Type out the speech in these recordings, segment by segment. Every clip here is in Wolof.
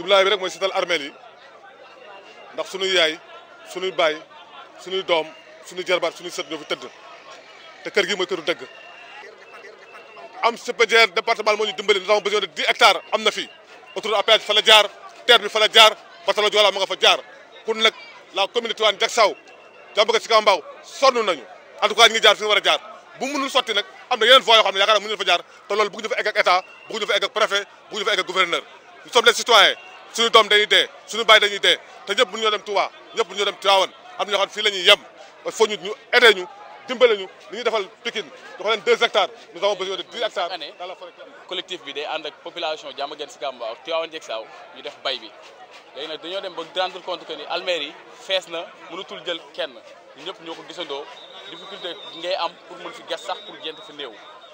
jublaay bi rek mooy setal armeel yi ndax suñuy yaay suñuy baay suñuy doom suñuy jarbaat suñuy sët ñoo fi tëdd te kër gi mooy këru dëgg am CPDR département moo ñu dimbali nous avons besoin de 10 hectares am na fi autour à péage fa jaar terre bi fa la jaar Batalo Joola ma nga fa jaar pour nag la commune Tivaouane Diacksao Diamaguène Sicap Mbao sonn nañu en tout cas ñu ngi jaar fi ñu war a jaar bu mënul sotti nag am na yeneen voies yoo xam ne yaakaar naa fa jaar te loolu bëgg suñu doom dañuy dee suñu baay dañuy dee te ñëpp mënuñoo dem Touba ñëpp mënuñoo dem Tivaouane am ñoo xam fii la ñuy yem il faut ñu ñu aider ñu dimbale ñu li ñuy defal Pikine ñu xool leen 2 hectares nous avons besoin de 10 hectares. dans la forêt collectif bi day ànd ak population Diamaguène si Mbao ak Tivaouane Diegsaw ñu def bay bi léegi nag dañoo dem ba rendre compte que ni almaire fees na mënatul jël kenn ñëpp ñoo ko gisandoo difficulté ngay am pour mën fi gas sax pour jent si néew.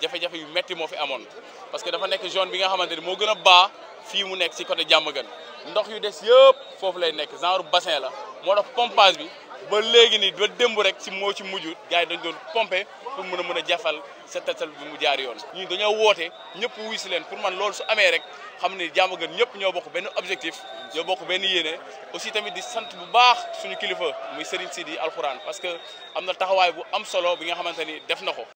jafe-jafe yu metti moo fi amoon parce que dafa nekk zone bi nga xamante ni moo gën a baa fii mu nekk si côté Diamaguène ndox yu des yëpp foofu lay nekk genre bassin la moo tax pompage bi ba léegi nii ba démb rek si moo ci mujj gars yi dañ doon pomper pour mën a mën a jafal sa tatal bi mu jaar yoon ñun dañoo woote ñëpp wuy si man loolu su amee rek xam ne Diamaguène ñëpp ñoo bokk benn objectif ñoo bokk benn yéene aussi tamit di sant bu baax suñu kilifa muy Serigne Sidi Alxuraan parce que am na taxawaay bu am solo bi nga xamante ni def na ko